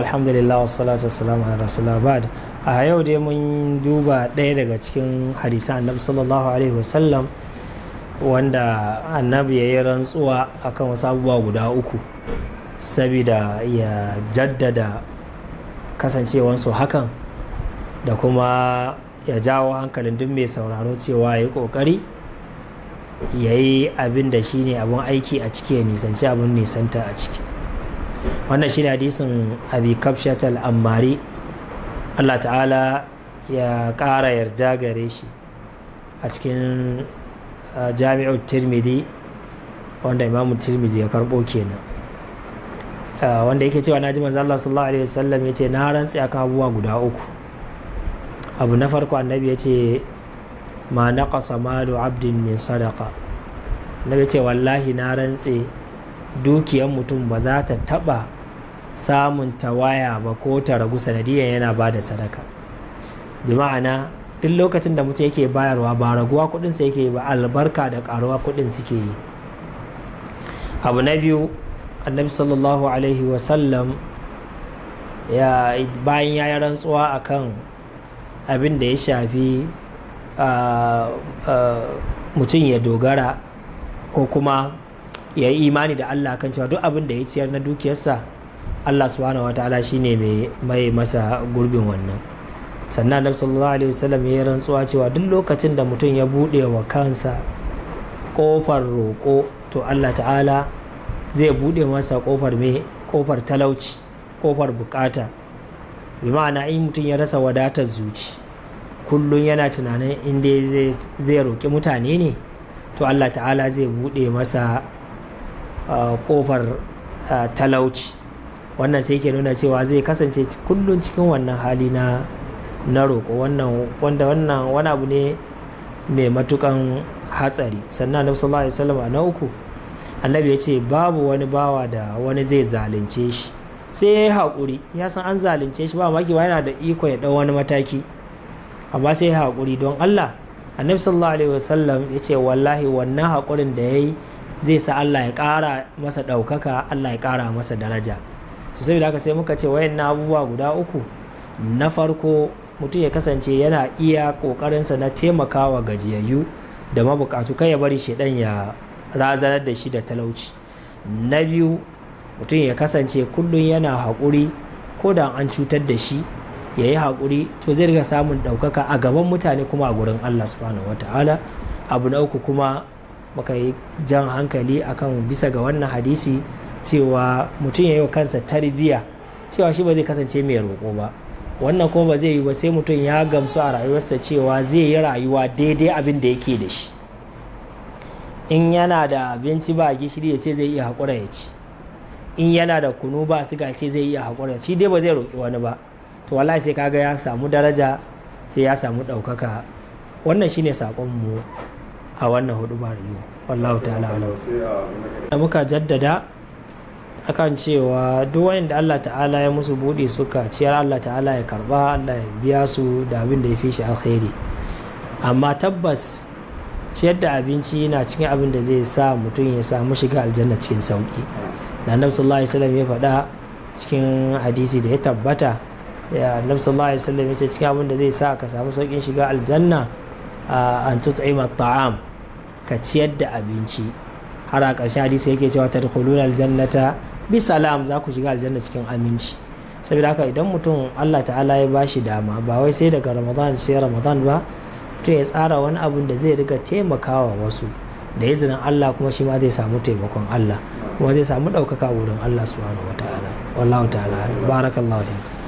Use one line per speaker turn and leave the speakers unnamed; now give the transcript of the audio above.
alhamdulillah wassalatu wassalamu ala rasulullah ba'd a yau dai mun duba ɗaya daga cikin hadisan annabi sallallahu alaihi wasallam wanda annabi ya yi rantsuwa akan wasu abubuwa guda uku saboda ya jaddada kasancewansu hakan da kuma ya jawo hankalin duk mai sauraro cewa ya yi ƙoƙari ya yi abin da shi ne abin aiki a ciki ya nisanci abin nisanta a ciki wannan ne hadisin abi kafshatal ammari Allah ta'ala ya kara yarda gare shi a cikin uh, jami'ar tirmidhi wanda imamu tirmidhi ya karɓo kenan uh, wanda yake cewa naji manzo Allah sallallahu alaihi wasallam ce na rantsi akan abubuwa guda uku abu na farko annabi ce ma naqasa malu abdin min sadaqa annabi ce wallahi na rantsi dukiyar mutum ba za ta taɓa samun tawaya ba ko ta ragu sanadiyar yana ba da sadaka bi ma'ana duk lokacin da mutum yake bayarwa ba raguwa kuɗinsa yake ba albarka da ƙaruwa kuɗin suke yi abu na biyu annabi sallallahu alaihi wasallam ya bayan ya yi rantsuwa kan abin da ya shafi ah, ah, mutum ya dogara ko kuma ya yi imani da Allah kan cewa duk abin da ya ciyar na dukiyarsa Allah subhanahu wa ta'ala shine mai mai masa gurbin wannan sannan Annabi sallallahu alaihi wasallam ya rantsuwa cewa duk lokacin da mutum ya bude wa kansa kofar roƙo to Allah ta'ala zai bude masa kofar me kofar talauci kofar bukata bi ma'ana in mutum ya rasa wadatar zuci kullum yana tunanin inda zai roƙi mutane ne to Allah ta'ala zai buɗe masa Uh, kofar uh, talauci wannan sai ke nuna cewa zai kasance kullum cikin wannan hali na na roƙo wannan wanda wannan wani abu ne mai matukan hatsari sannan na sallallahu alaihi wasallam na uku annabi ya ce babu wani bawa da wani zai zalunce shi sai ya yi haƙuri ya san an zalunce shi ba maki ba yana da iko ya ɗau wani mataki amma sai ya haƙuri don Allah annabi sallallahu alaihi wasallam ya ce wallahi wannan haƙurin da ya yi zai sa Allah ya ƙara masa ɗaukaka Allah ya ƙara masa daraja to saboda haka sai muka ce wayan na abubuwa guda uku na farko mutum ya kasance yana iya ƙoƙarinsa na taimakawa gajiyayyu da mabukatu kai ya bari shaidan ya razanar da shi da talauci na biyu mutum ya kasance kullum yana haƙuri ko da an cutar da shi ya yi haƙuri to zai riga samun ɗaukaka a gaban mutane kuma a gurin allah subhanahu wataala abu na uku kuma muka yi jan hankali akan bisa ga wannan hadisi cewa mutum ya yi wa kansa tarbiya cewa shi ba zai kasance mai roƙo ba wannan kuma ba zai yi ba sai mutum ya gamsu a rayuwarsa cewa zai yi rayuwa daidai abin da yake da shi in yana da abinci ba gishiri ya ce zai iya haƙura ya ci in yana da kunu ba suga ce zai iya haƙura shi dai ba zai roƙi wani ba to wallahi sai kaga ya samu daraja sai ya samu ɗaukaka wannan shine saƙonmu mu a wannan da yau wallahu ta'ala da muka jaddada akan cewa duk da Allah ta'ala ya musu buɗe suka ciyar Allah ta'ala ya karba Allah ya biya su da abin da ya fi shi alkhairi amma tabbas ciyar da abinci yana cikin abin da zai sa mutum ya samu shiga aljanna cikin sauki da annabi sallallahu alaihi ya faɗa cikin hadisi da ya tabbata ya annabi sallallahu alaihi ya ce cikin abin da zai sa ka samu saukin shiga aljanna an tut'ima ta'am ka ciyar da abinci har a ƙarshe hadisi yake cewa tadkhuluna aljannata bi salam za ku shiga aljanna cikin aminci saboda haka idan mutum Allah ta'ala ya bashi dama ba wai sai daga Ramadan sai Ramadan ba mutum ya tsara wani abun da zai riga taimakawa wasu da izinin Allah kuma shi ma zai samu taimakon Allah kuma zai samu ɗaukaka wurin Allah subhanahu wa ta'ala wallahu ta'ala barakallahu